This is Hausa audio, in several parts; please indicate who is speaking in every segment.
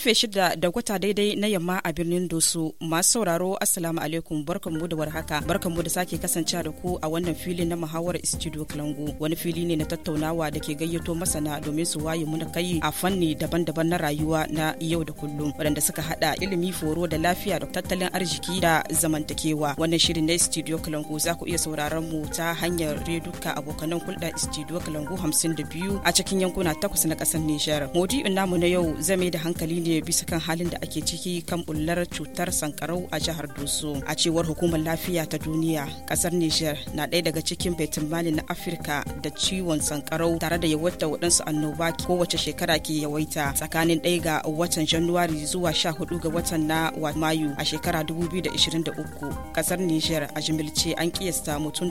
Speaker 1: karfe shida da kwata daidai na yamma a birnin Doso. Masu sauraro Assalamu alaikum barkanmu da warhaka. Barkanmu da sake kasancewa da ku a wannan filin na muhawarar Studio Kalangu. Wani fili ne na tattaunawa da ke gayyato masana domin su waye muna kai a fanni daban-daban na rayuwa na yau da kullum waɗanda suka hada ilimi foro da lafiya da tattalin arziki da zamantakewa. Wannan shirin na Studio Kalangu za ku iya sauraron mu ta hanyar reduka abokanan hulɗa Studio Kalangu biyu a cikin yankuna takwas na ƙasar Nijar. modi namu na yau zame da hankali ne ne bisa kan halin da ake ciki kan bullar cutar sankarau a jihar Doso. A cewar hukumar lafiya ta duniya, kasar Niger na ɗaya daga cikin mali na Afirka da ciwon sankarau tare da yawaita waɗansu annoba kowace shekara ke yawaita tsakanin ɗaya ga watan Januwari zuwa sha hudu ga watan na Mayu a shekara 2023. Kasar Niger a jimilce an kiyasta mutum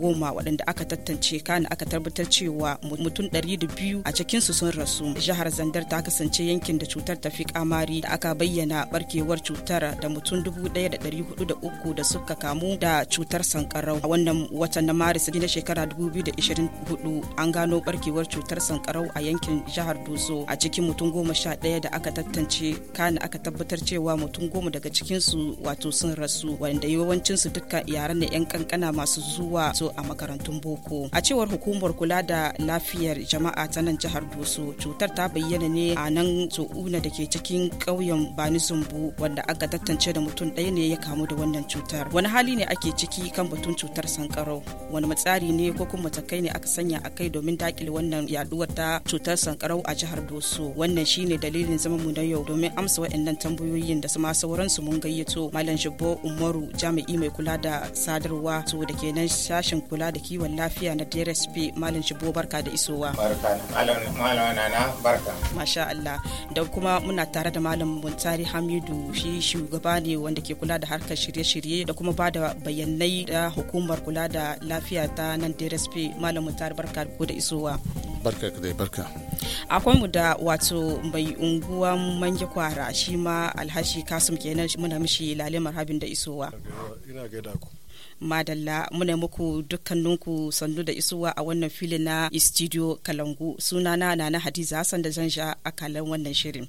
Speaker 1: goma waɗanda aka tantance kana aka tabbatar cewa mutum 200 a cikinsu sun rasu. Jihar Zandar ta kasance yankin da cutar ta fi kamari da aka bayyana barkewar cutar da mutum 1,403 da suka kamu da cutar sankarau a wannan watan na maris na shekara 2024 an gano barkewar cutar sankarau a yankin jihar doso a cikin mutum goma sha ɗaya da aka tantance kana aka tabbatar cewa mutum goma daga cikinsu wato sun rasu wanda yawancinsu duka yaran ne 'yan kankana masu zuwa su a makarantun boko a cewar hukumar kula da lafiyar jama'a ta nan jihar doso cutar ta bayyana ne a nan garin una da ke cikin ƙauyen bani zumbu wanda aka tattance da mutum ɗaya ne ya kamu da wannan cutar wani hali ne ake ciki kan batun cutar sankarau wani matsari ne ko kuma matakai ne aka sanya a kai domin dakile wannan yaduwar ta cutar sankarau a jihar doso wannan shine dalilin zama mu na yau domin amsa waɗannan tambayoyin da su ma su mun gayyato malam jibbo umaru jami'i mai kula da sadarwa to da ke nan sashen kula da kiwon lafiya na dsp malam jibbo barka da isowa barka malam nana barka masha Allah da kuma muna tare da malam Muntari Hamidu shi shugaba ne wanda ke kula da harkar shirye-shirye da kuma ba da bayanai da hukumar kula da lafiya ta nan DRSP malam Muntari barka da isowa.
Speaker 2: Barka da barka.
Speaker 1: Akwai mu da wato mai unguwa manje kwara shi ma Alhaji Kasim kenan muna mishi lalle habin da isowa. Ina gaida ku. madalla muna muku dukkaninku sannu da isuwa a wannan filin na studio kalangu sunana na na hadiza hassan da zan sha akalan wannan shirin.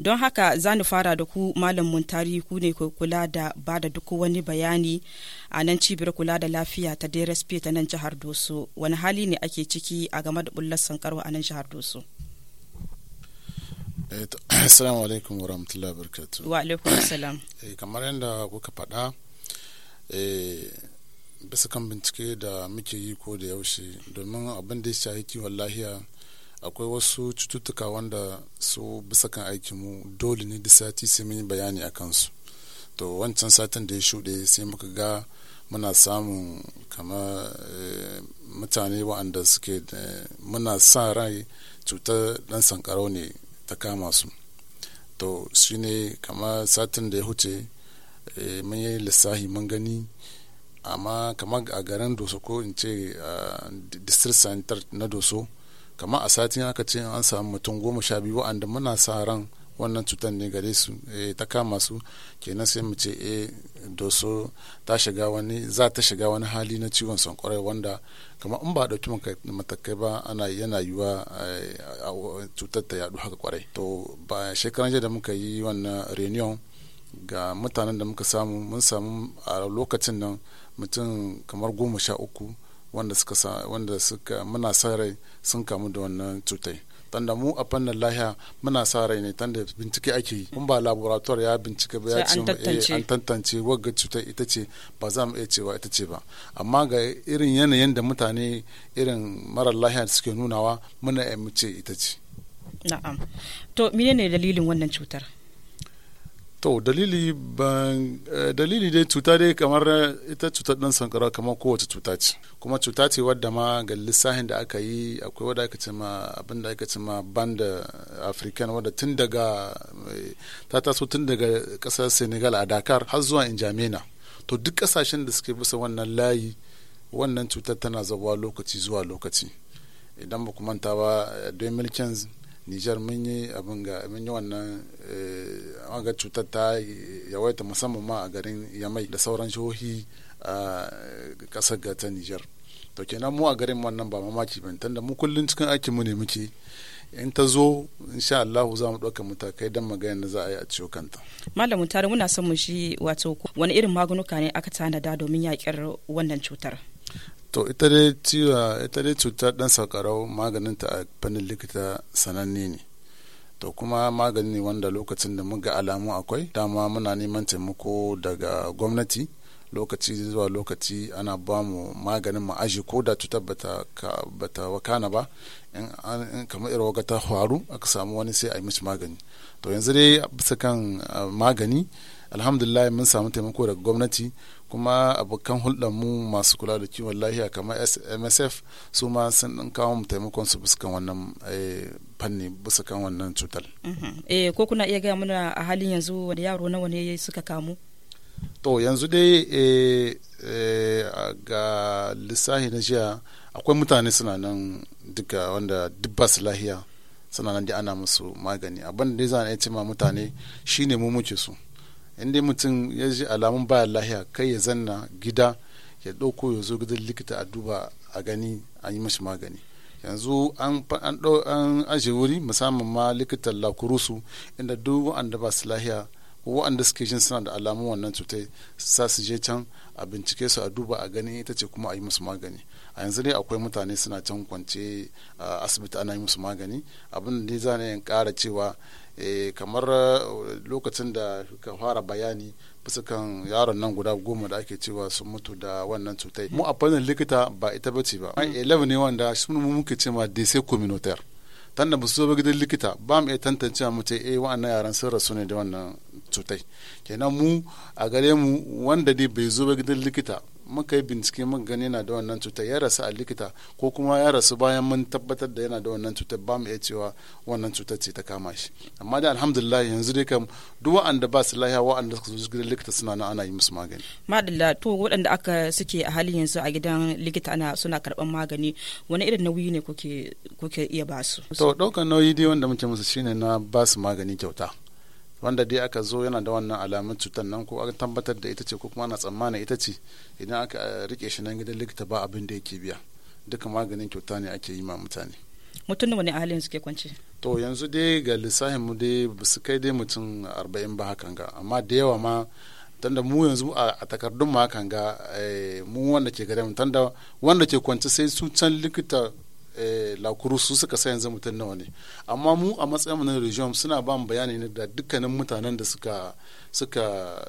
Speaker 1: don haka za ni fara da ku malam tarihi ku ne kula da ba da duk wani bayani a nan cibiyar kula da lafiya ta DRSP ta nan jihar Doso wani hali ne ake ciki a game da bullar sankarwa a nan jihar Doso
Speaker 2: eh, Assalamu alaikum wa rahmatullahi barakatu Wa
Speaker 1: alaikum salam.
Speaker 2: Eh, kamar yadda kuka faɗa eh, bisa kan bincike da muke yi ko da yaushe domin abin da ya shahi kiwon lahiya akwai wasu cututtuka wanda su bisa kan mu dole ne da sati sai mun yi bayani a kansu to wancan satin da ya shuɗe sai muka ga muna samun kama eh, mutane waɗanda suke muna sa rai cutar ɗan sankarau ne ta kama su to shi ne kama satin da ya huce eh, mun yi lissahi mun gani amma kama a garin doso ko in ce ah, district center na doso kama a satin aka ce an samu mutum goma sha biyu wa'anda muna sa ran wannan cutar ne gare su eh, ta kama su kenan sai mu ce e doso ta shiga wani za ta shiga wani hali na ciwon sankwarai wanda kama in ba dauki matakai ba ana yana yiwa eh, cutar ta yadu haka kwarai to ba shekaran jiya da muka yi wannan reunion ga mutanen da muka samu mun samu a lokacin nan mutum kamar goma sha uku wanda suka wanda suka muna sa rai sun kamu da wannan cutai tanda mu a fannin lahiya muna sa rai ne tanda bincike ake yi kun ba laboratoire ya bincike ba ya ce eh, an tantance wagga cutar ita ce ba za mu iya cewa ita ce ba amma ga irin yanayin da mutane irin mara lahiya suke nunawa muna iya mu ce ita ce
Speaker 1: na'am to menene dalilin wannan cutar
Speaker 2: to dalili ban eh, dalili dai cuta dai kamar ita cutar ɗan sankara kamar kowace cuta ce kuma cuta ce wadda ma ga lissahin da aka yi akwai wadda aka ce ma abin da aka ce ma banda african wadda tun daga eh, ta taso tun daga ƙasar senegal a dakar har zuwa injamena to duk ƙasashen da suke bisa wannan layi wannan cutar tana zabuwa lokaci zuwa lokaci idan ba ku manta ba eh, nijar mun yi abin ga mun wannan eh, an cutar ta yawaita musamman ma a garin yamai da sauran jihohi a kasar ga ta nijar to kenan mu a garin wannan ba mamaki ban tanda mu kullun cikin aikin mu ne muke in ta zo insha Allah za mu ɗauka matakai don magana da za a yi a ciwo kanta.
Speaker 1: tare muna son mu shi wato wani irin magunuka ne aka tanada domin yakin wannan cutar.
Speaker 2: to ita dai ciwa ita dai cutar dan sakarau maganin ta a fannin likita sananne ne to kuma magani ne wanda lokacin da muga alamu akwai dama muna neman taimako daga gwamnati lokaci zuwa lokaci ana ba mu maganin mu aji ko da cutar bata bata wakana ba in kamar irin waka ta faru aka samu wani sai a yi mishi magani to yanzu dai bisa kan ah, magani alhamdulillah mun samu taimako daga gwamnati kuma abokan mu masu kula da kiwon lahiya kamar msf su ma sun ɗan kawo mu taimakon su kan wannan eh, fanni bisa kan wannan cutar.
Speaker 1: Mhm. eh ko kuna iya gaya mana a halin yanzu wani yaro nawa ne suka kamu
Speaker 2: to yanzu dai eh, eh, ga lissahi na jiya akwai mutane suna nan duka wanda duk ba su lahiya suna nan da ana musu magani abin da dai za a mutane shine mu muke su inda mutum ya ji alamun baya lahiya kai ya zanna gida ya ɗauko ya zo gidan likita a duba a gani a yi mashi magani yanzu an an aje wuri musamman ma likitan lakurusu inda duk wa'anda ba su lahiya ko wa'anda suke jin suna da alamun wannan cutai sa su je can a bincike su a duba a gani ita ce kuma a yi musu magani a yanzu dai akwai mutane suna can kwance asibiti ana yi musu magani abin da za ya kara cewa Eh, kamar eh, lokacin da ka fara bayani kan yaron nan guda goma da ake cewa sun mutu da wannan cutai mu a fannin likita ba ita bace ba 11 hmm. ne wanda sun mu muke cewa dese communautaire tanda ba su zo gidan likita ba mu iya tantance mu ce eh wa'annan yaran sun rasu ne da wannan cutai kenan mu a gare mu wanda dai bai zo gidan likita muka yi bincike muka gani yana da wannan cutar ya rasu a likita ko kuma ya rasu bayan mun tabbatar da yana da wannan cutar ba mu iya cewa wannan cutar ce ta kama shi amma da alhamdulillah yanzu dai kam duk wa'anda ba su lahiya wa'anda suka zo gidan likita suna nan ana yi musu magani
Speaker 1: madalla to waɗanda aka suke a halin yanzu a gidan likita ana suna karɓan magani wani irin nauyi ne kuke kuke iya ba su to
Speaker 2: ɗaukar nauyi dai wanda muke musu shine na basu magani kyauta wanda dai aka zo yana da wannan alamun cutar nan ko an tabbatar da ita ce ko kuma ana tsammana ita ce idan aka eh, rike shi nan gidan likita ba abin da yake biya duka maganin kyauta ne ake yi ma mutane
Speaker 1: mutum ne wani halin suke kwance
Speaker 2: to yanzu dai ga lissafin mu dai ba su kai dai mutum arba'in ba hakan ga amma da yawa ma tanda mu yanzu a takardun ma hakan ga eh, mu wanda ke gare mu tanda wanda ke kwance sai su can likita Eh, lakuru su suka sa yanzu mutum nawa ne amma mu a matsayin na region suna ba mu bayani ne da dukkanin mutanen da suka suka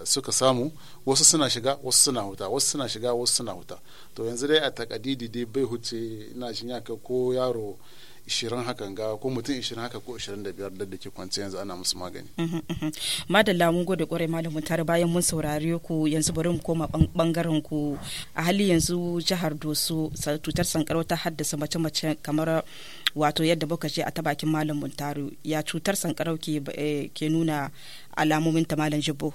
Speaker 2: suka samu wasu suna shiga wasu suna huta wasu suna shiga wasu suna huta to yanzu dai a takadidi dai bai huce ina shin ko yaro 20 hakan ga ko mutum 20 haka ko 25 da ke kwanci yanzu ana musu magani.
Speaker 1: Mhm, mhm, mhm. Madalla mun gode kwarai malamin tare bayan mun saurare ku yanzu bari mu koma bangaren ku a hali yanzu jihar Doso cutar sankarau ta haddasa mace-mace kamar wato yadda muka ce a tabakin bakin taro ya cutar sankarau eh, ke nuna alamomin ta malam
Speaker 3: Jibbo.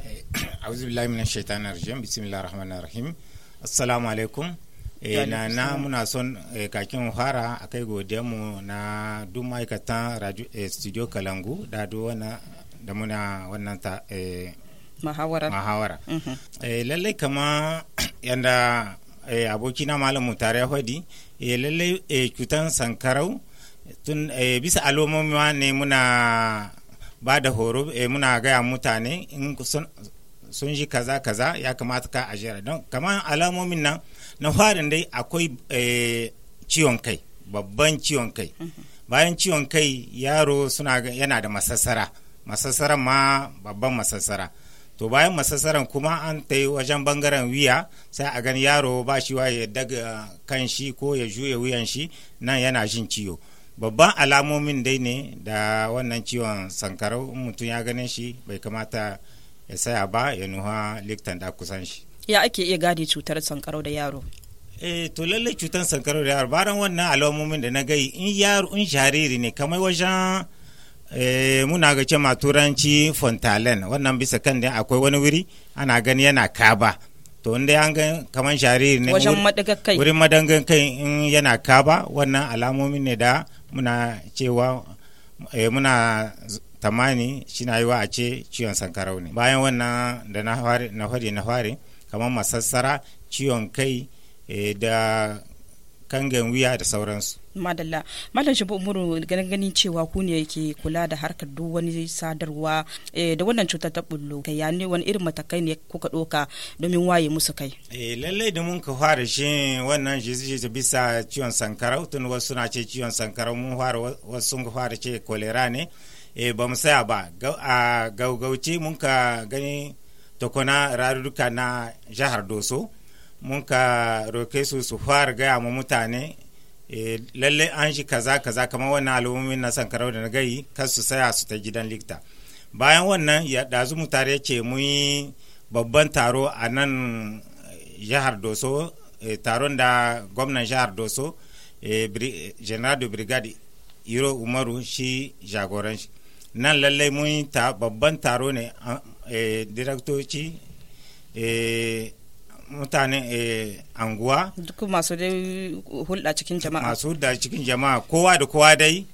Speaker 3: Eh, Auzu billahi minash shaitanir rajim bismillahir rahmanir rahim. Assalamu alaikum. e na na muna son eh, kakin fara a kai mu na duk ma'aikatan eh, studio kalangu da duk da muna wannan ta eh, mahawara mhm. lallai kama yanda abokina malam mutare ya faɗi lallai cutan sankarau tun bisa alomomi ne muna ba da horo muna gaya mutane in sun ji kaza kaza ya kamata ka ajiyar don kamar alamomin nan na farin dai akwai eh, ciwon kai babban ciwon kai bayan ciwon kai yaro suna yana da masassara masassara ma babban masassara to bayan masassaran kuma an ta yi wajen bangaren wiya sai a gan yaro ba shi wa ya daga kan shi ko ya juya wuyan shi nan yana jin ciwo babban alamomin dai ne da wannan ciwon sankarau mutum ya ganin shi bai kamata ya saya ba ya nuha likitan da kusan shi ya ake iya gane cutar sankarau da yaro eh to lallai cutar sankarau da yaro bayan wannan alamomin da na gai in yaro in jariri ne kamar wajen eh, muna ga ce ma turanci fontalen wannan bisa kan da akwai wani wuri ana gani yana kaba to inda an ga kamar jariri ne wajen madagar kai wurin madangan kai in yana kaba wannan alamomin ne da muna cewa eh, muna tamani shi na yi wa a ce ciwon sankarau ne bayan wannan da na fari na fari kamar masassara ciwon kai eh, da kangan wuya da sauransu
Speaker 1: madalla malam shabu umaru ganin cewa ku ne yake kula da harkar duk wani sadarwa eh, da wannan cutar ta bullo kai ya ne wani irin matakai ne kuka doka domin waye musu kai
Speaker 3: eh lalle da mun ka fara shi wannan ta bisa ciwon sankarau tun wasu na ce ciwon sankarau mun fara wasu sun fara ce kolera ne eh ba mu saya ba a gaugauce mun ka gani tukuna raruka na jihar doso mun ka roke su su fara gaya ma mutane eh, lalle an shi kaza kaza kamar wannan al'ummin na sankarau da na gayi kar su saya su ta gidan likta bayan wannan ya dazu mutare ce mun yi babban taro a nan eh, jihar doso eh, taron da gwamnan jihar doso general de brigade iro umaru shi jagoran shi nan lallai mun yi babban taro ne eh, direktoci e, e, anguwa duk masu da hulɗa cikin jama'a masu hulɗa cikin jama'a kowa da kowa dai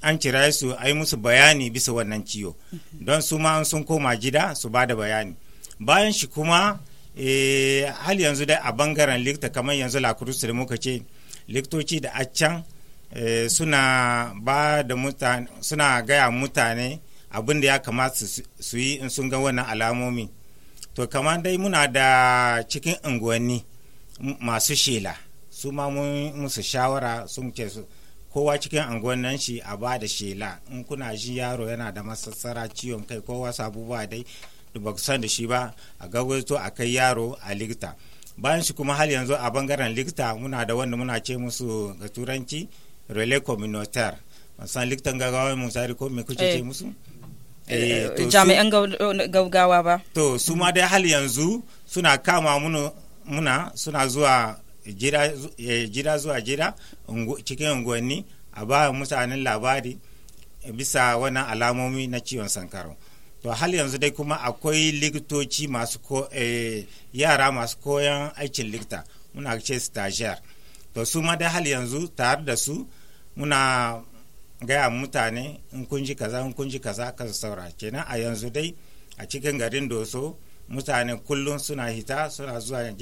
Speaker 3: an cira su a yi musu bayani bisa wannan ciwo mhm. don su ma sun koma gida su ba da bayani bayan shi kuma e, hal yanzu dai a bangaren likta kamar yanzu lakurusu da muka ce liktoci da accan suna ba da mutane suna gaya mutane abin da ya kamata su yi in sun ga wannan alamomi to kama dai muna da cikin unguwanni masu shela su ma musu shawara sun ce kowa cikin unguwannin shi a ba da shela in kuna ji yaro yana da masassara ciwon kai kowa abubuwa dai da ba san da shi ba a gabato a kai yaro a likita bayan shi kuma hal yanzu a bangaren likita muna da wanda muna ce musu ga turanci relay communautaire san likitan gagawa mun sari ko me kuke ce eh, musu Eh, eh, eh, jami'an gaugawa ba to su ma dai hal yanzu suna kama muna suna zuwa gida zuwa gida cikin unguwanni a ba mutanen labari bisa wannan alamomi na ciwon sankarau to hal yanzu dai kuma akwai likitoci masu ko yara masu koyan aikin likita muna ce stagiaire to su ma dai hal yanzu tare da su muna gaya mutane in kun ji kaza in kun ji kaza ka saura kenan a yanzu dai a cikin garin doso mutane kullum suna hita suna zuwa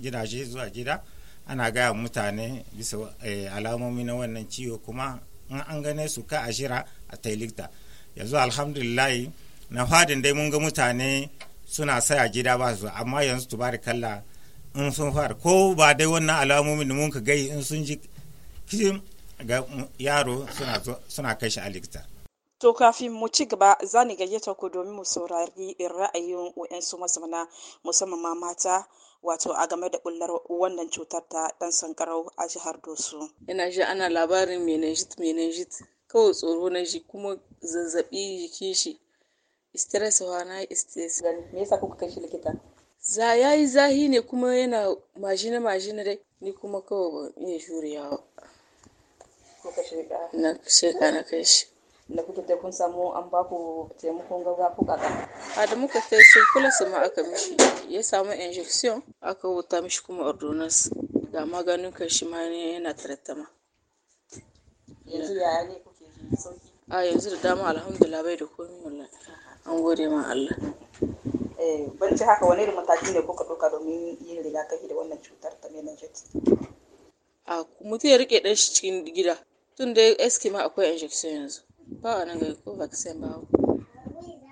Speaker 3: gidaje zuwa gida ana gaya mutane bisa eh, alamomi na wannan ciwo kuma in an gane su ka a shira a tailikta yanzu alhamdulillahi na fadin dai mun ga mutane suna saya gida ba su amma yanzu tubari kalla in sun fara ko ba dai wannan alamomi da mun ka gai in sun ji ga yaro suna kai shi a likita.
Speaker 1: To kafin mu ci gaba za ni gayyata ku domin mu saurari ra'ayin wayansu mazauna musamman ma mata wato a game da bullar
Speaker 4: wannan cutar ta dan sankarau a jihar Dosu. Ina ji ana labarin meningit meningit kawai tsoro na ji kuma zazzabi jikin shi. Stress wa na stress. Me yasa kuka kai shi likita? Za yayi zahi ne kuma yana majina majina dai ni kuma kawai ban iya ko ka shirka na shirka na kai shi da kuka ta kun samu an ba ku taimakon kaka a da muka kai shi kula sama aka mishi ya samu injection aka wuta mishi kuma ordonance ga maganin kan shi ma ne yana tarattama yanzu yaya ne kuke sauki a yanzu da dama alhamdulillah bai da komai wallahi an gode ma Allah eh, ban ci haka wani irin mataki ne kuka ɗauka domin yin rigakafi da wannan cutar ta meningitis a mutum ya rike ɗan shi cikin gida tun da eski ma akwai injection yanzu ba a nan gari ko vaccine ba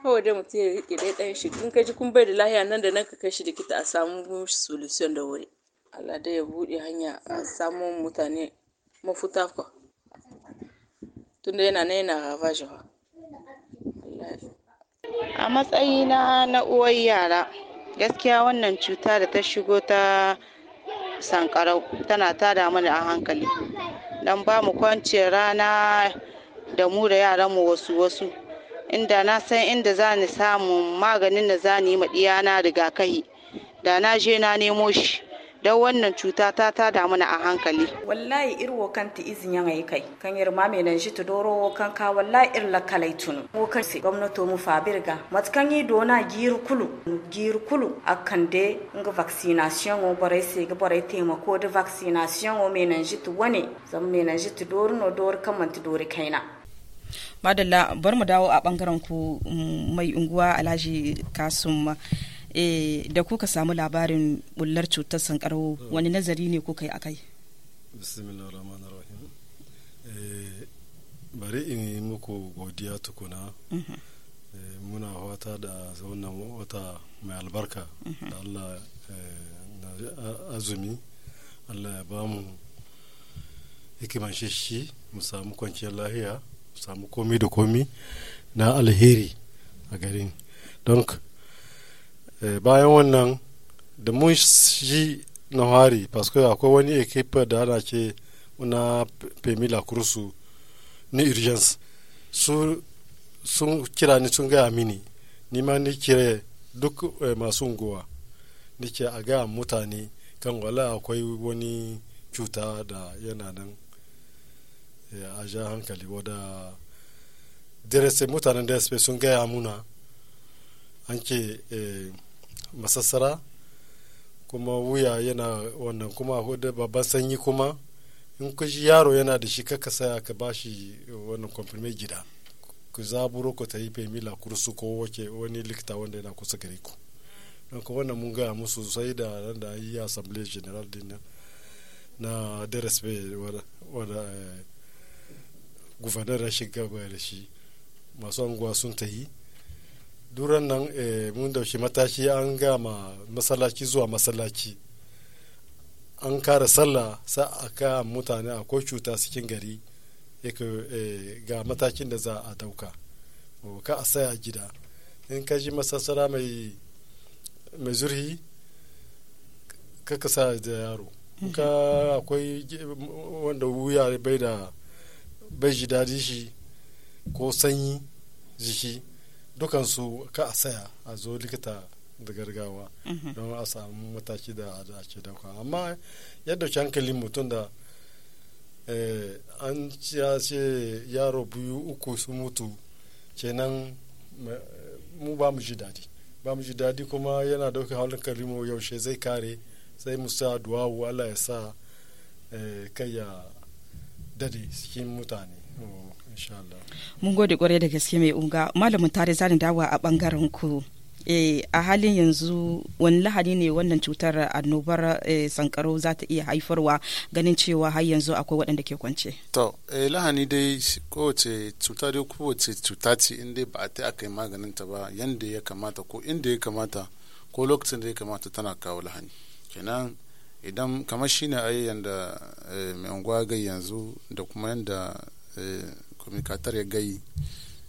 Speaker 4: kawai dai mutum ya riƙe ɗaya ɗayan shi kun kaji kun bai da lahiya nan da nan ka kai shi likita a samu solution da wuri Allah dai ya buɗe hanya a samu mutane mafuta kwa dai yana nan yana ravage fa a
Speaker 1: matsayina na uwar yara gaskiya wannan cuta da ta shigo ta sankarau tana tada mana a hankali don ba mu kwanciyar rana da mu da yaranmu wasu wasu inda na san inda za ni samun maganin da za ni ma ɗiyana rigakahi da na je na nemo shi don wannan cuta ta tada mana a hankali wallahi irwo kan ta izin yan ai kai kan yar mai nan shi doro kan ka wallahi ir la kalai tunu ko kan se gwamnato mu fabirga mat kan yi dona gir kulu gir kulu kan de nga vaccination o bare se ga bare taimako da vaccination o nan shi ta wane zan nan shi doro dorno doro kan man tu dori kaina madalla bar mu dawo a bangaren ku mm, mai unguwa alhaji Kasumma. e, da kuka samu labarin bullar cutar sankarau wani nazari ne kuka yi a kai
Speaker 5: eh, bari in yi muku godiya tukuna mhm. eh, muna wata da wannan wata mai albarka mhm. da allah azumi allah ya ba mu hikiman shi mu samu kwanciyar lahiya mu samu komi da komi na alheri a garin donk Eh, bayan wannan da mun shi na hari akwai wani ekipa da ana ke na pemila kursu ni urgence su sun kira ni sun gaya mini ni ma ni kire duk eh, masu unguwa ni ke a gaya mutane kan wala akwai wani cuta da yana nan eh, a ja hankali wadda mutanen da sun gaya muna an ke masassara kuma wuya yana wannan kuma da babban sanyi kuma in ku yaro yana da shi kaka saya ka ba shi wannan kwamfirme gida ku zaburo ku ta yi femila kursu ko wake wani likita wanda yana kusa gare ku don ku wannan mun gaya musu sai da ran da yi assembly general din na drsp wadda gufanar eh, rashin gaba da shi masu anguwa sun ta yi duran nan eh, mun dauki matashi an gama masallaci zuwa masallaci an kara sallah sa a ka mutane a ko cuta cikin gari eh, ga matakin da za a dauka ka a saya gida in ka ji masassara mai zurhi ka kasa da yaro ka mm-hmm. akwai wanda wuya bai da bai ji dadi shi ko sanyi jiki dukansu ka a saya a zo likita da gargawa mhm. don a samu mataki da a ce dauka amma yadda ke hankali mutum da eh, an ciya ce yaro biyu uku su mutu kenan eh, mu ba mu ji daɗi ba mu ji daɗi kuma yana ɗaukar halin kalimu yaushe zai kare sai mu sa duwawu allah ya sa eh, kai ya dade cikin mutane
Speaker 1: mun gode kwarai da gaske mai unga malamin tare zanen dawa a bangaren ku eh, a halin yanzu wani lahani ne wannan cutar annobar eh, sankaro za ta iya haifarwa ganin cewa har yanzu akwai waɗanda ke kwance
Speaker 2: to eh, lahani dai kowace cuta dai kowace cuta ce in ba a ta aka yi maganin ta ba yanda ya kamata ko inda ya kamata ko lokacin da ya kamata tana kawo lahani kenan idan kamar shine ai yanda mai unguwa yanzu da kuma yanda communicator ya gayi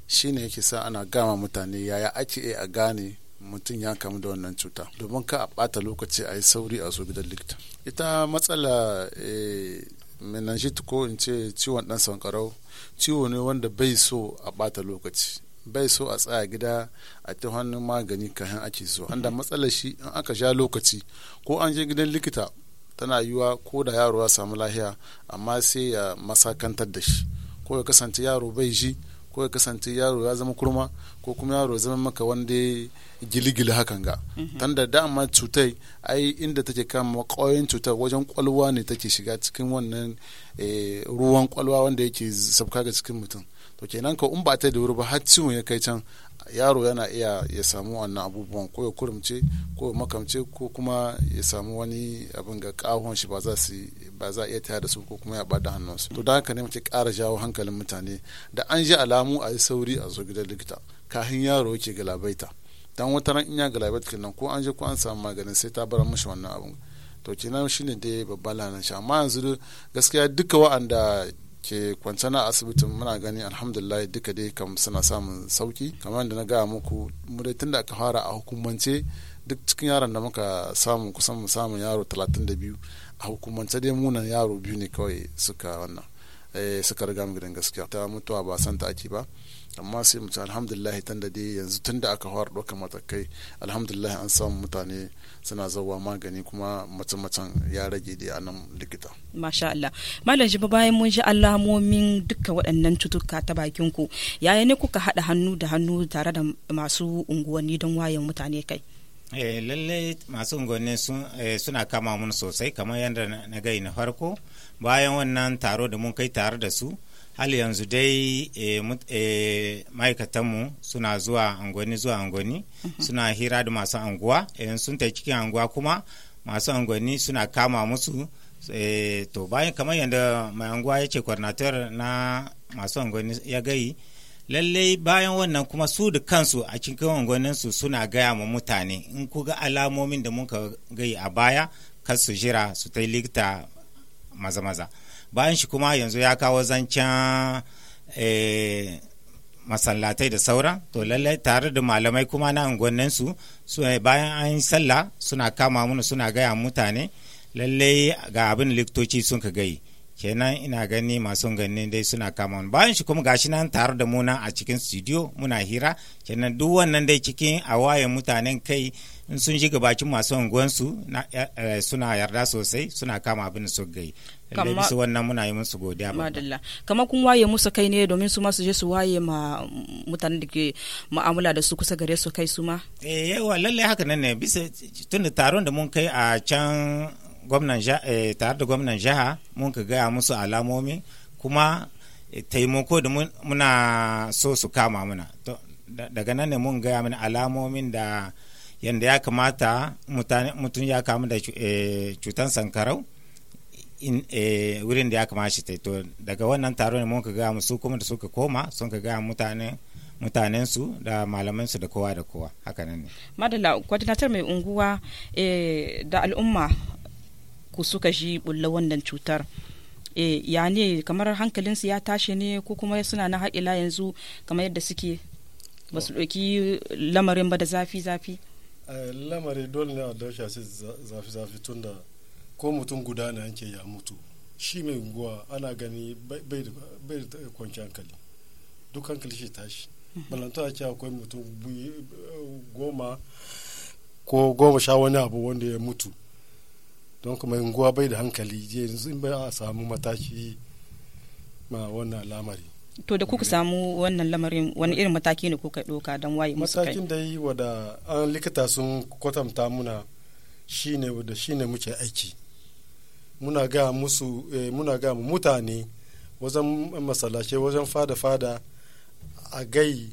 Speaker 2: shine yake sa ana gama mutane yaya ake a gane mutum ya kamu da wannan cuta domin ka a bata lokaci a yi sauri a zo gidan likita ita matsala eh, meningit ko in ce ciwon dan sankarau ciwo ne wanda bai so a bata lokaci bai so a tsaya gida a ta hannun magani kayan ake so anda matsalar shi in aka sha lokaci ko an je gidan likita tana yiwa ko da yaro ya samu lahiya amma sai ya masakantar da shi ko ya kasance yaro bai ji ko ya kasance yaro ya zama kurma ko kuma yaro ya zama maka wanda gili-gili hakan ga mhm. Tanda da dama cutai ai inda take kama ƙwayoyin cutar wajen kwalwa ne take shiga cikin wannan eh, ruwan kwalwa wanda yake sabka ga cikin mutum to kenan ka in da wuri ba har ciwon ya kai can yaro yana iya ya samu wannan abubuwan ko ya kurumce ko makamce ko kuma ya samu wani abin ga kahon shi ba za su ba za a iya tayar da su ko kuma ya bada su. to da haka ne muke ƙara jawo hankalin mutane da an ji alamu a yi sauri a zo gidan likita kafin yaro yake galabaita dan wata ran in ya galabaita kenan ko an je ko an samu maganin sai ta bar mishi wannan abin to kenan shine dai babban lanan shi amma yanzu gaskiya duka wa'anda ke kwance na asibitin muna gani alhamdulillah duka dai kam suna samun sauki kamar da na gaya muku mu dai tun da aka fara a hukumance duk cikin yaron da muka samu kusan mu samun yaro 32 a hukumance dai munan yaro biyu ne kawai suka wannan Eh, suka riga mu gidan gaskiya ta mutuwa ba san ta ake ba amma sai mutu ci alhamdulillah tan da dai yanzu tun da aka fara ɗaukar matakai alhamdulillah an samu mutane suna zawa magani kuma mace-macen ya rage dai a nan likita.
Speaker 1: Masha Allah. Malam bayan mun ji alamomin duka waɗannan cutuka ta bakin ku yaya ne kuka haɗa hannu da hannu tare da masu unguwanni don wayan mutane kai?
Speaker 3: Eh, lallai masu unguwanni eh, suna kama mun sosai kamar yadda na gai na farko. bayan wannan taro da mun kai tare da su hal yanzu dai eh, eh, ma'aikatanmu suna zuwa angoni zuwa angoni mhm. suna hira da masu anguwa e, sun ta cikin anguwa kuma masu angoni suna kama musu eh, to bayan kamar yadda mai anguwa ya ce coordinator na masu angoni ya gayi lallai bayan wannan kuma su da kansu a cikin angoninsu suna gaya ma mutane in kuga alamomin da muka gai a baya kan su jira su ta likita maza-maza bayan shi kuma yanzu ya kawo zancen eh, masallatai da saura to lallai tare da malamai kuma na unguwanninsu su eh, bayan an yi sallah suna kama mana suna gaya mutane lallai ga abin liktoci sun ka gai kenan ina gani masu ganin dai suna kama mun bayan shi kuma gashi nan tare da mu na a cikin studio muna hira kenan duk wannan dai cikin a wayan mutanen kai in sun shiga bakin masu unguwansu eh, suna yarda sosai suna kama abin su gai
Speaker 1: da bisa wannan
Speaker 3: muna yi musu godiya
Speaker 1: madalla kama kun waye musu kai ne domin su ma su je su waye ma mutanen da ke mu'amala da su kusa gare su kai su ma
Speaker 3: eh yawa lalle haka nan ne bisa tunda taron da mun kai a can gwamnan eh, tare da gwamnan jaha mun ka gaya musu alamomi kuma eh, taimako da muna so su kama muna daga nan ne mun gaya mana alamomin da yadda ya kamata mutum ya kamu da eh, cutar sankarau eh, wurin da ya kamata shi taito daga wannan taron ne mun ka gaya su kuma da suka koma sun ka gaya mutane mutanensu da su da kowa da kowa nan ne
Speaker 1: madalla kwatinatar mai unguwa eh, da al'umma ku suka ji bulla wannan cutar ya ne kamar hankalinsu ya tashi ne ko kuma suna na haƙila yanzu kamar yadda suke ba su ɗauki lamarin ba da zafi-zafi
Speaker 5: Eh, lamari dole ne a daushe shi zafi-zafi tun da ko mutum guda ne yanke ya mutu shi mai guwa ana gani bai da kwanci hankali duk hankali shi tashi mhm. balanta a cewa akwai mutum goma ko goma sha wani abu wanda ya mutu don kuma unguwa bai da hankali yanzu in bai a samu matashi ma wannan lamari
Speaker 1: to da kuka samu wannan lamarin wani irin mataki ne kuka ɗauka don waye musu kai matakin
Speaker 5: da yi wada an likita sun kwatanta muna shine da shine muke aiki muna ga musu eh, muna ga mutane wajen masallace wajen fada fada a gai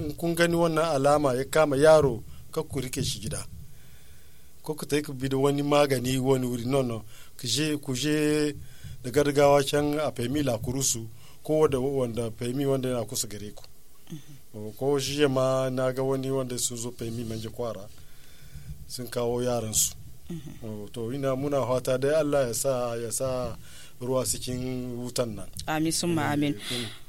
Speaker 5: in kun gani wannan alama ya kama yaro ka ku rike shi gida ko ku tafi bi da wani magani wani wuri nono ku je ku je da gargawa can a femi kurusu ko da wanda faimi wanda yana kusa gare ku mhm. ko shi ma na ga wani wanda sun zo faimi manje kwara sun kawo yaransu mhm. oh, to ina muna fata dai allah ya sa ya sa ruwa cikin wutan nan amin sun eh, amin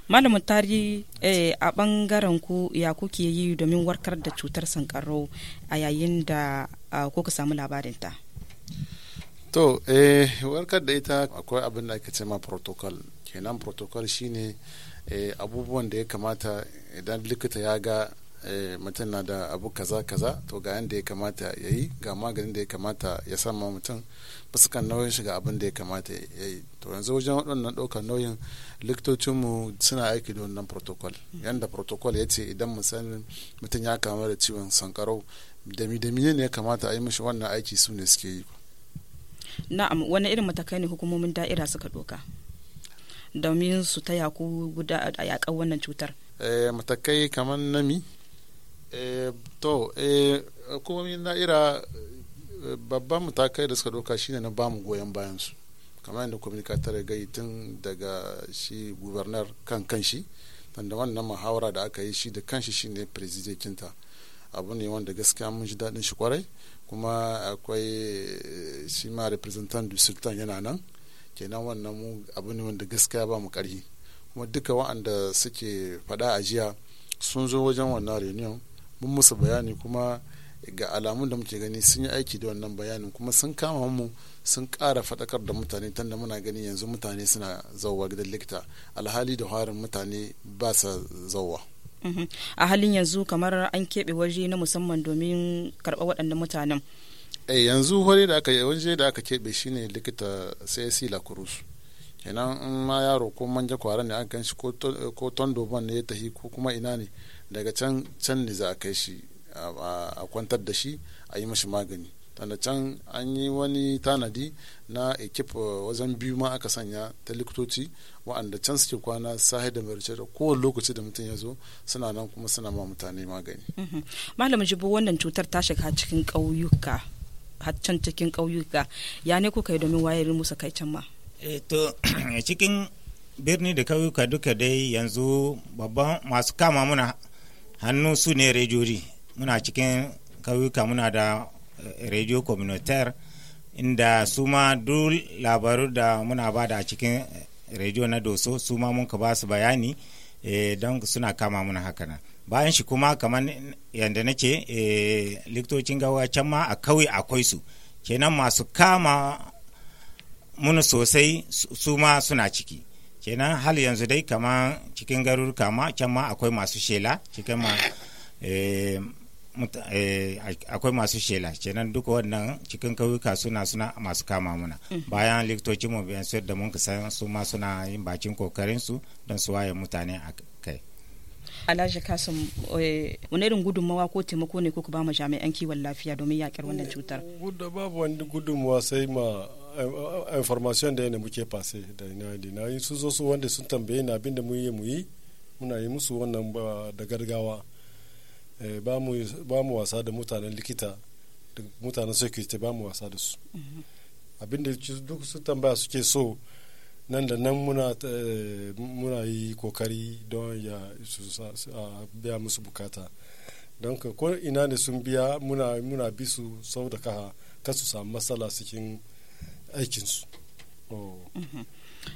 Speaker 1: malamin tari eh, a bangaren ku ya kuke yi domin warkar da cutar sankarau a yayin da kuka samu labarin ta.
Speaker 2: to eh warkar da ita akwai abin da ake ce ma protocol kenan protocol shine eh, abubuwan da ya kamata idan likita ya ga eh, mutum na da abu kaza kaza to ga yadda ya kamata ya yi ga maganin da ya kamata ya sama mutum fuskan nauyin shiga abin da ya kamata ya yi to yanzu wajen waɗannan ɗaukar nauyin likitocinmu suna aiki da wannan protocol yadda protocol ya ce idan musamman mutum ya kama da ciwon sankarau dami-dami ne ya kamata a yi mishi wannan aiki su ne suke yi
Speaker 1: na'am wani irin matakai ne hukumomin da'ira suka ɗauka domin su ta yaku guda a yakan wannan cutar
Speaker 2: eh, matakai kamar nami eh, to eh, na na'ira babban matakai da suka doka shine na bamu goyon bayan su kamar yadda ta gai tun daga shi gubernar kan kanshi da wannan muhawara da aka yi shi da kanshi shine presidentinta abu ne wanda gaskiya mun ji daɗin shi kwarai kuma akwai shi ma representant du sultan yana nan kenan wannan mu abu ne wanda gaskiya ba mu karhi kuma duka wa'anda suke faɗa a jiya sun zo wajen wannan reunion mun musu bayani kuma ga alamun da muke gani sun yi aiki da wannan bayanin kuma sun kama mu sun kara fadakar da mutane tun da muna gani yanzu mutane suna zauwa gidan likita alhali da harin mutane ba sa zauwa
Speaker 1: mhm. a halin yanzu kamar an keɓe waje na musamman domin karɓa waɗannan mutanen
Speaker 2: eh yanzu wani da aka waje da aka keɓe shine likita csc la cruz kenan in ma yaro ko manja kwara ne an kan shi ko tondo ban ne ya tafi ko kuma ina ne daga can can ne za a kai shi a kwantar da shi a yi mashi magani tana can an yi wani tanadi na ekip eh, wajen biyu ma aka sanya ta likitoci wa'anda can suke kwana sahi da mai da kowane lokaci da mutum ya zo suna nan kuma suna ma mutane magani.
Speaker 1: Mhm. malam jibo wannan cutar ta shiga cikin ƙauyuka haccan cikin ƙauyuka ya ne kuka yi domin wayar musu kai can ma
Speaker 3: eh, to cikin birni da ƙauyuka duka dai yanzu babban masu kama muna hannu su ne rediyoyi muna cikin ƙauyuka muna da eh, rediyo communautaire inda su ma duk labaru da muna ba da cikin eh, rediyo na doso su ma mun ka ba su bayani don suna kama muna haka nan bayan shi kuma kamar yadda na ce eh, likitocin gawa can ma a kauye akwai su kenan masu kama munu sosai su ma suna ciki kenan hal yanzu dai kama cikin garuruka ma can ma akwai masu shela cikin ma eh, eh, akwai masu shela kenan duka wannan cikin kauyuka suna suna masu kama muna mm-hmm. bayan likitocin mu biyan da mun kusan su ma suna yin bakin kokarin su don su waye mutane
Speaker 1: alhaji kasim eh, wani irin gudunmawa ko taimako ne kuka ba mu jami'an kiwon lafiya domin yakar wannan cutar
Speaker 5: babu wani gudunmawa sai ma eh, information da yana muke fase da ina na yi su zo su wanda sun tambaye na abin da mu yi mu yi muna yi musu wannan da gargawa eh, ba mu wasa da mutanen likita da mutanen security ba mu wasa da su mm-hmm. abin da duk su tambaya suke so nan da nan muna yi kokari don ya biya musu bukata don ka ko ina ne sun biya muna bisu bi su sau da kaha ka su samu matsala cikin aikinsu oh.
Speaker 3: mhm.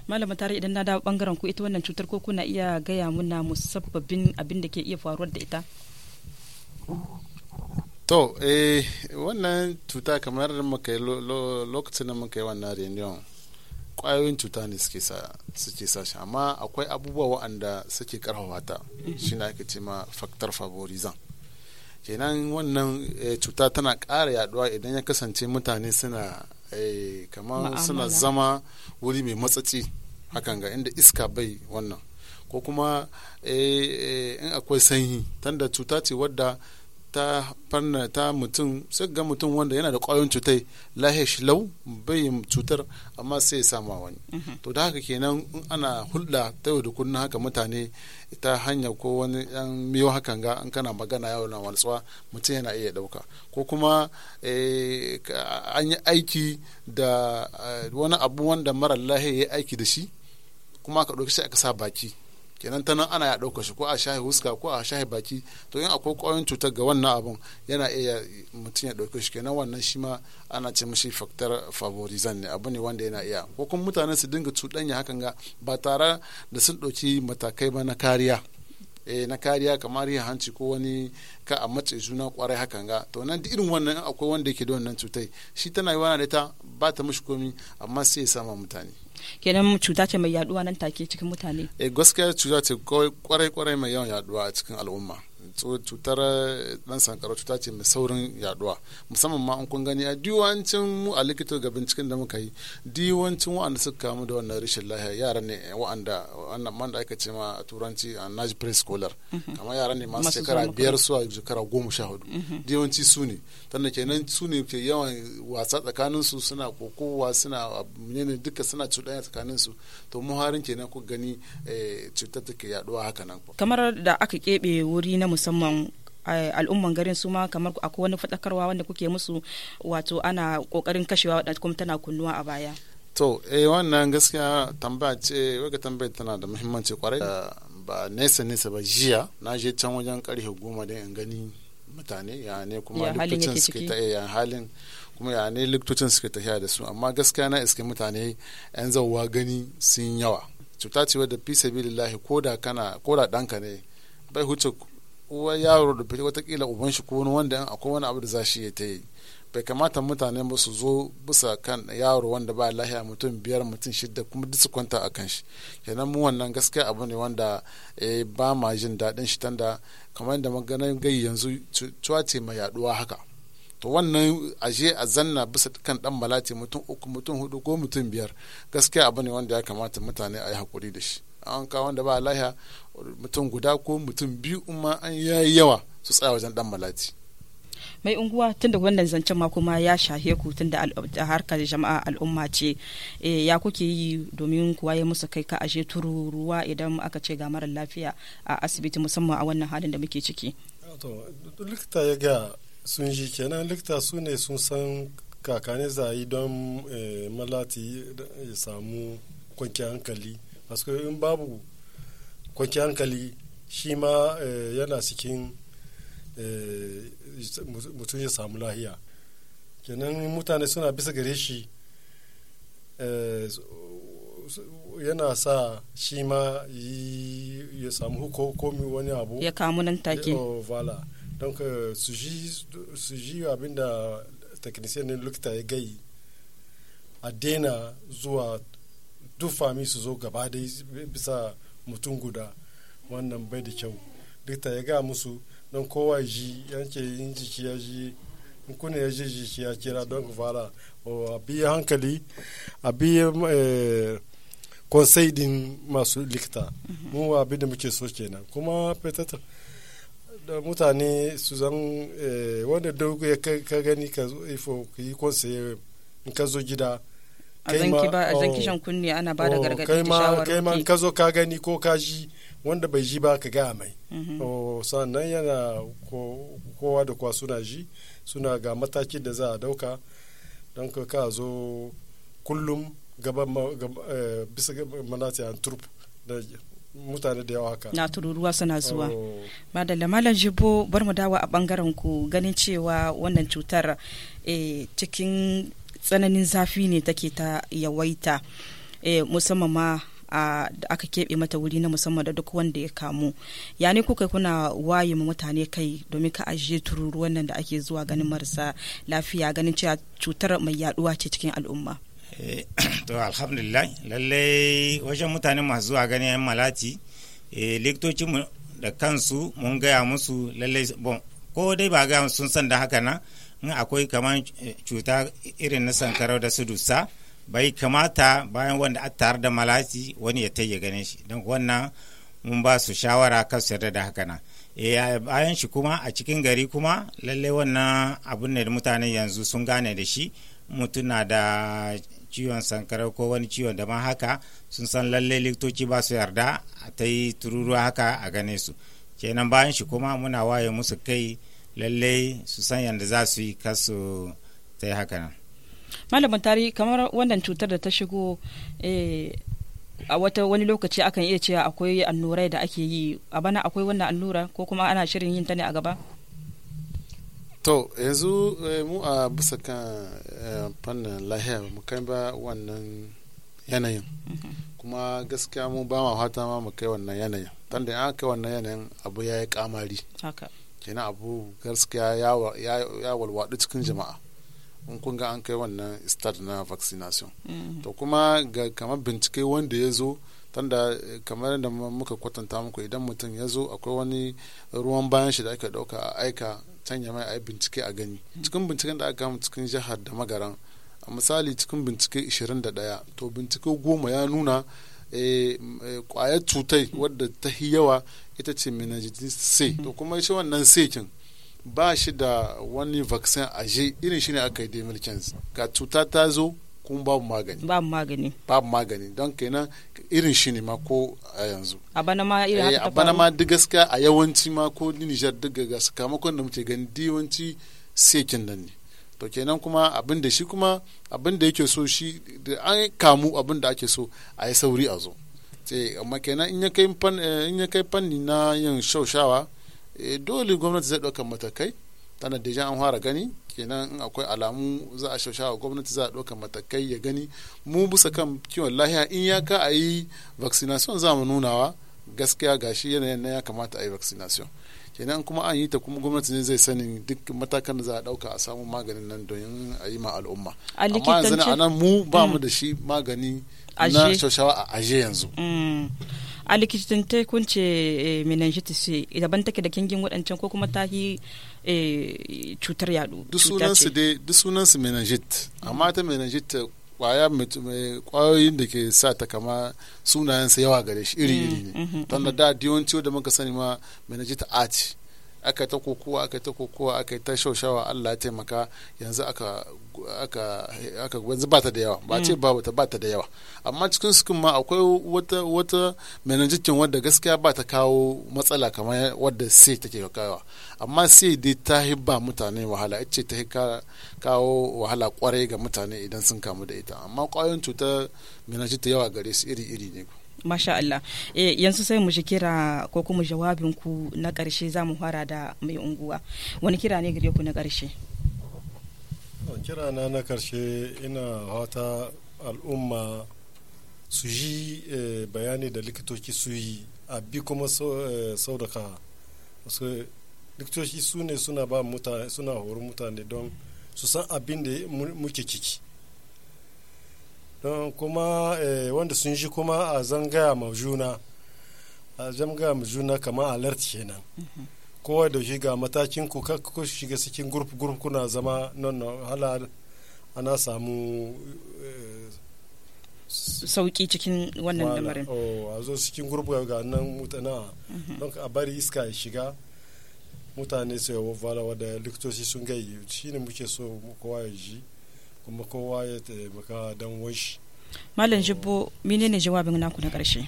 Speaker 1: malama tare idan na dawo bangaren ku ita wannan cutar ko kuna iya gaya muna musabbabin abin da ke iya faruwar da ita
Speaker 2: to eh wannan cuta kamar lokacin da muka yi wannan reunion kwayoyin cuta ne suke sa suke sa shi amma akwai abubuwa waɗanda suke karfafa ta shine ake ce ma factor favorizan kenan wannan eh, cuta tana ƙara yaduwa idan ya kasance mutane suna eh, kamar suna zama wuri mai matsatsi hakan ga inda iska bai wannan ko kuma eh, in akwai sanyi tanda cuta ce wadda ta farna ta mutum sai ga mutum wanda yana da ƙwayoyin cutai lahish lau bai cutar amma sai ya sama wani mhm. to da haka kenan in ana hulɗa ta yau da kullum haka mutane ta hanya ko wani yan miyo hakan ga an kana magana yawon na walsuwa mutum yana iya ɗauka ko kuma eh, an yi aiki da eh, wani abu wanda mara lahe ya aiki da shi kuma aka ɗauki shi aka sa baki kenan ta nan ana ya ɗauka shi ko a shahi huska ko a shahi baki to in akwai ƙwayoyin cutar ga wannan abun yana iya mutum ya ɗauke shi kenan wannan shi ma ana ce mashi factor favorizan ne abu ne wanda yana iya ko kuma mutane su dinga cuɗanya hakan ga ba tare da sun ɗauki matakai ba na kariya eh na kariya kamar yin hanci ko wani ka a matse juna kwarai hakan ga to nan duk irin wannan akwai wanda yake da wannan cutai shi tana yi na da ta ba ta mashi komi amma sai ya sama mutane
Speaker 1: kenan cuta ce mai yaduwa nan take cikin mutane
Speaker 2: eh gaskiya cuta ce kwarai kwarai mai yawan yaduwa a cikin al'umma cutar dan sankara cuta ce mai saurin yaduwa musamman ma in kun gani a diwancin mu a likita ga binciken da muka yi diwancin wa'anda suka kamu da wannan rashin lahiya yara ne wa'anda wannan man da aka ce ma a turanci a naji preschooler mhm. kamar yara ne masu shekara biyar zuwa shekara goma sha hudu mhm. diwanci su ne tana kenan su ne ke yawan wasa tsakanin su suna kokowa suna ne duka suna cuɗanya tsakanin su to mu harin kenan ku gani eh, cutar take yaduwa haka nan
Speaker 1: kamar da aka keɓe wuri na musamman musamman eh, al'umman garin su ma kamar akwai wani faɗakarwa wanda kuke musu wato ana kokarin kashewa wadanda kuma tana kunnuwa a baya
Speaker 2: to eh wannan gaskiya tambaya ce waga tambayar tana da muhimmanci kwarai eh, ba nesa nesa ba jiya na je can wajen karfe goma da in gani mutane ya ne kuma likitocin suke ta eh, ya halin kuma ya ne likitocin suke tafiya da su amma gaskiya na iske mutane yan zauwa gani sun yawa cuta ce wadda fi sabilillahi ko da kana ko da ɗanka ne bai huce uwa yaro da fita watakila uban shi ko wani wanda akwai wani abu da za shi ya ta yi bai kamata mutane ba su zo bisa kan yaro wanda ba lahiya mutum biyar mutum shidda kuma duk su kwanta a kan shi kenan mu wannan gaskiya abu ne wanda eh, ba ma jin daɗin shi tanda kamar yadda maganar gai yanzu cuwa ce mai yaduwa haka to wannan aje a zanna bisa kan dan malati mutum uku mutum hudu ko mutum biyar gaskiya abu ne wanda ya kamata mutane a yi hakuri da shi an kawo wanda ba lahiya mutum guda ko mutum biyu ma an yayi yawa su tsaya wajen dan malati
Speaker 1: mai unguwa tun da wannan zancen ma ya shahe ku tun da harkar jama'a al'umma ce eh, ya kuke yi domin kuwa ya musu kai ka ashe ruwa idan aka ce ga mara lafiya a asibiti musamman a wannan halin da muke ciki
Speaker 5: ah, likita ya ga sun ji kenan likita su ne sun san kakane za yi don eh, malati ya samu kwanciyar hankali que in babu kwanci hankali shi ma eh, yana cikin eh, mutum ya samu lahiya kenan mutane suna bisa gare shi eh, yana sa shi ma ya samu komi wani abu ya kamu nan take oh, vala don ka su ji abinda technician ne lukta ya gai a daina zuwa duk fami su zo gaba da bisa mutum guda wannan bai da kyau duk ya ga musu don kowa ji yanke yin jiki ya ji in kuna ya ji jiki ya kira don ku fara a biya hankali a biya eh, konsai din masu likita mhm. mu abin da muke so kenan kuma fetata da mutane su zan eh, wanda da ya ka gani ka yi konsai in ka zo gida a zanki ba a zanki oh. shan kunni ana ba da oh, gargaɗi da shawarwari kai ma ka zo ka gani ko ka ji wanda bai ji ba ka gaya mai mhm. oh, sannan yana kowa da kowa suna ji suna ga matakin da za a dauka don ka ka zo kullum gaban eh, bisa manatiyan turp da mutane da yawa haka na tururuwa suna zuwa
Speaker 1: madalla malam jibo bar mu dawa a bangaren ku ganin cewa wannan cutar eh, cikin tsananin zafi ne take ta yawaita e, musamman ma da aka keɓe mata wuri na musamman da duk wanda ya kamu ya ne kuka kuna waye ma mutane kai domin ka ajiye tururu wannan da ake zuwa ganin marasa lafiya ganin cewa cutar mai yaduwa ce cikin al'umma eh,
Speaker 3: to alhamdulillah lallai wajen mutane masu zuwa ganin yan malati eh, likitocinmu da kansu mun gaya musu lallai bon ko dai ba gaya sun san da haka na in akwai kamar eh, cuta irin na sankarau da su dusa bai kamata bayan wanda a tare da malati wani ya taye ganin shi don wannan mun ba su shawara kan su da haka na eh, bayan shi kuma a cikin gari kuma lallai wannan abun ne da mutane yanzu sun gane da shi mutum na da ciwon sankarau ko wani ciwon da ma haka sun san lallai likitoci ba su yarda a ta yi tururuwa haka a gane su kenan bayan shi kuma muna waye musu kai lallai su san yadda za su yi kasu ta yi haka nan
Speaker 1: malamin tarihi kamar wannan cutar da ta shigo eh, a wata wani lokaci akan iya cewa akwai annurai da ake yi a bana akwai wannan allura ko kuma ana shirin yin ta ne a gaba
Speaker 2: to yanzu eh, mu a bisa kan eh, fannin lahiyar mu kai ba wannan yanayin mhm. kuma gaskiya mu ba ma fata ma mu kai wannan yanayin tanda an kai wannan yanayin abu ya yi kamari kenan abu gaskiya ya walwadu cikin jama'a in kun ga an kai wannan start na vaccination mm. to kuma ga kamar bincike wanda ya zo tanda eh, kamar da muka kwatanta muku idan mutum ya zo akwai wani ruwan bayan shi da aka dauka a aika ya mai a bincike a gani mm. cikin binciken da aka kama cikin jihar da magaran a misali cikin bincike 21 to bincike goma ya nuna kwayar eh, eh, cutai mm. wadda ta yi yawa ita ce meningitis c to kuma shi wannan c kin ba shi da wani vaccine aje irin shi ne aka yi demil ga cuta ta zo kuma babu magani babu magani babu magani don kenan irin shi ne ma ko a yanzu
Speaker 1: a bana ma eh, a bana ma
Speaker 2: duk gaskiya a yawanci ma ko Nijar duk ga sakamakon da muke gani yawanci sekin nan ne to kenan kuma abin da shi kuma abin da yake so shi da an kamu abin da ake so a yi sauri a zo sai eh, amma kenan in ya kai eh, in ya kai fanni na yin shaushawa eh, dole gwamnati zai ɗaukar matakai tana da an fara gani kenan in akwai alamu za a shaushawa gwamnati za a ɗaukar matakai ya gani mu bisa kan kiwon lahiya in ya ka a yi vaccination za mu nunawa gaskiya gashi yanayin na ya kamata a yi vaccination kenan kuma an yi ta kuma gwamnati ne zai sani duk matakan da za a dauka a samu maganin nan don a yi ma al'umma amma yanzu a nan mu ba mu mm. da shi magani na shashawa a aje yanzu
Speaker 1: mm. a likitance kun ce eh, meningitis daban take da kingin waɗancan ko kuma ta yi eh, cutar yadu duk sunansu
Speaker 2: dai duk sunansu meningit amma ta meningit kwaya eh, kwayoyin da ke sa ta kama sunayensa yawa gare shi iri-iri ne mm-hmm, mm-hmm, don mm-hmm. da da yawanci wadda muka sani ma menajita art aka ta kokowa aka ta kokowa aka ta shaushawa Allah ya taimaka yanzu aka aka aka yanzu bata da yawa ba ce mm. babu ta bata da yawa amma cikin su ma akwai wata wata meningitis wadda gaskiya ba ta kawo matsala kamar wadda sai take kawo amma sai dai ta hibba mutane wahala ce ta kawo wahala kwarai ga mutane idan sun kamu da ita amma kwayoyin cutar meningitis yawa gare su iri iri ne
Speaker 1: Masha Allah. E, yanzu sai mu kira ko kuma jawabin ku na ƙarshe za mu fara da mai unguwa. Wani kira ne gare ku na karshe.
Speaker 5: Kira na na ƙarshe ina hota al'umma su ji eh, bayani da likitoci su yi a bi kuma sau eh, da likitoci su ne suna ba mutane suna horo mutane don su san abin da muke ciki kuma eh, wanda sun shi kuma a zanga ma juna a zanga ma juna kamar alert kenan kowa da shi ga matakin ku ku shiga cikin group group kuna zama non hala ana samu eh, sauki cikin wannan lamarin oh, a zo cikin group ga nan mutana mhm. don a bari iska ya shiga mutane su yawo vala wadda likitoci sun gai shi ne muke so kowa ya ji kuma kowa ya taimaka don washi
Speaker 1: malam jibbo menene jawabin naku na karshe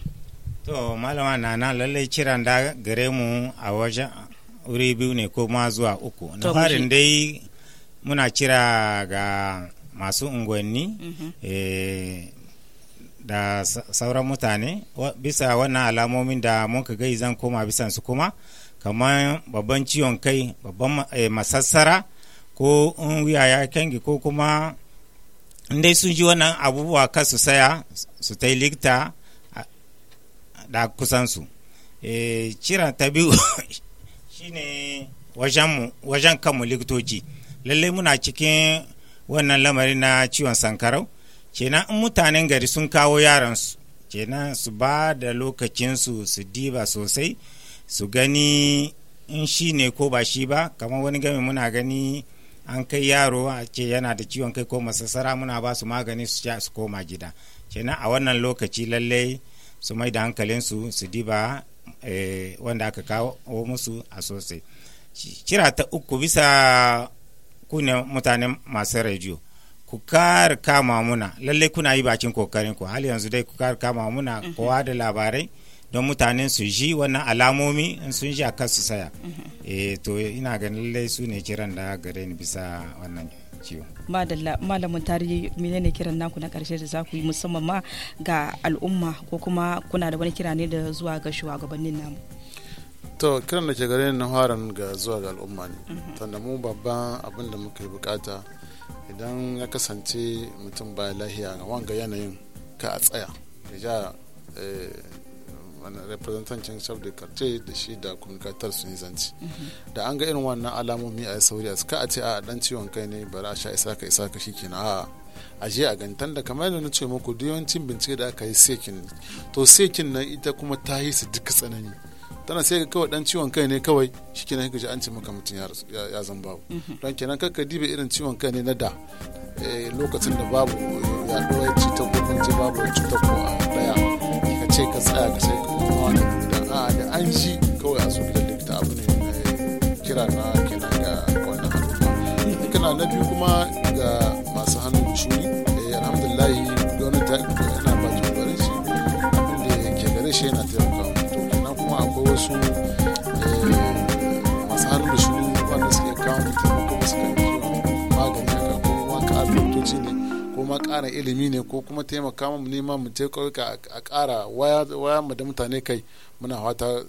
Speaker 3: to malama na na lallai kiran da gare mu a wajen wuri biyu ne ko ma zuwa uku na farin dai muna kira ga masu unguwanni mhm. eh, da sauran mutane bisa wannan alamomin da mun ka gai zan koma bisan su kuma kamar babban ciwon kai babban eh, masassara ko in wuya ya kangi ko kuma in dai sun ji wannan abubuwa ka su saya su ta likta da kusansu e, eh, cira ta biyu shine wajen kanmu likitoci lallai muna cikin wannan lamarin na ciwon sankarau kenan in mutanen gari sun kawo yaransu kenan su ba da lokacinsu su diba sosai su gani in shi ne ko ba shi ba kamar wani gami muna gani an kai yaro a ce yana da ciwon kai ko masassara muna ba su magani su sha su koma gida kenan a wannan lokaci lallai su mai da hankalinsu su diba eh, wanda aka kawo musu a sosai kira ta uku bisa ku ne mutane masu rediyo ku kar kama muna lallai kuna yi bakin kokarin ku hal yanzu dai ku kar kama muna mhm. kowa da labarai don mutane su ji wannan alamomi in sun ji a su saya eh to ina ganin lallai su ne kiran da gare ni bisa wannan ciwo
Speaker 1: madalla malamin tarihi menene kiran naku na karshe da za ku yi musamman ma ga al'umma ko kuma kuna da wani kira ne da zuwa ga shugabannin namu
Speaker 2: to kiran da ke gare ni na haran ga zuwa ga al'umma ne tunda mu babban abin da muka yi bukata idan ya kasance mutum ba lahiya ga wanga yanayin ka a tsaya wani change of the karte da shi da communicator sun yi zanci mhm. da an ga irin wannan alamomi a sauri a suka a ce a dan ciwon kai ne bari a sha isa ka isa ka shi kenan a a je a gani. Tanda kamar yadda na ce muku yawancin bincike da aka yi sekin to sekin nan ita kuma ta yi su duka tsanani tana sai ka kawai dan ciwon kai ne kawai shi shikenan kaji an ce maka mutum ya zan babu mhm. don kenan kakka dibe irin ciwon kai ne na da eh, lokacin da babu eh, yaduwar cutar ko babu cutar ko a ce ka tsaya ka sai kuma wani da a da an shi kawai a su da likita abu ne eh, kira na kira ga wannan al'umma kana na biyu kuma ga masu hannu da shuni eh, alhamdulillahi gwamnati yana ba ki gwarin shi abinda ke gare shi yana taimaka to kenan kuma akwai wasu eh, masu hannun da shuni wanda suke kawo mutum kuma suka yi magani ka kuma wanka asibitoci ne ko ma ƙara ilimi ne ko kuma taimaka mu nema mu ce a ƙara waya mu da mutane kai muna fata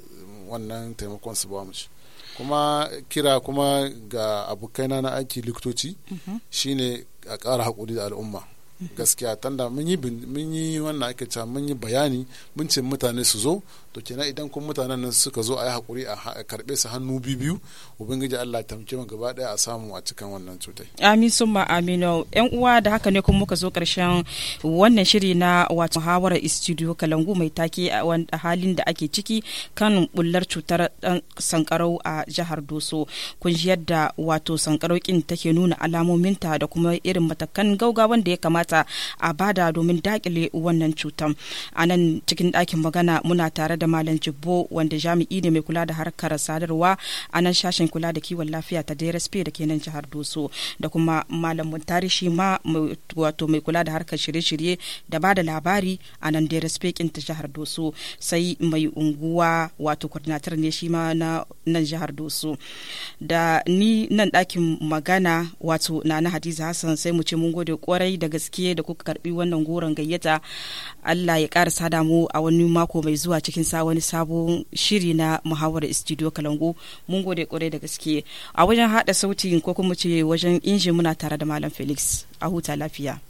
Speaker 2: wannan taimakon su ba mu shi kuma kira kuma ga abokaina na aiki likitoci mhm. shine a ƙara haƙuri da al'umma gaskiya tanda mun yi mun yi wannan ake cewa mun yi bayani mun ce mutane su zo to kenan idan kun mutanen nan suka zo a yi hakuri a karbe su hannu biyu biyu ubangiji Allah ta mu gaba daya a samu a cikin wannan cutai
Speaker 1: amin summa amin yan uwa da haka ne kuma muka zo karshen wannan shiri na wato hawara studio kalangu mai take a halin da ake ciki kan bullar cutar sankarau a jihar Doso kun ji yadda wato sankarau kin take nuna alamominta da kuma irin matakan gaugawan da ya kamata ta a bada domin dakile wannan cutan a nan cikin ɗakin magana muna tare da malam jibbo wanda jami'i ne mai kula da harkar sadarwa a nan sashen kula da kiwon lafiya ta DRSP da kenan jihar Doso da kuma malam Muntari shi ma wato mai kula da harkar shirye-shirye da bada labari a nan DRSP kin ta jihar Doso sai mai unguwa wato coordinator ne shi ma na nan jihar Doso da ni nan ɗakin magana wato Nana Hadiza Hassan sai mu ce mun gode kwarai da gaske ke da kuka karbi wannan goron gayyata Allah ya kara sada mu a wani mako mai zuwa cikin sa wani sabon shiri na muhawar studio Kalangu mun gode kwarai da gaske a wajen hada sautin ko kuma ce wajen injin muna tare da Malam Felix a huta lafiya.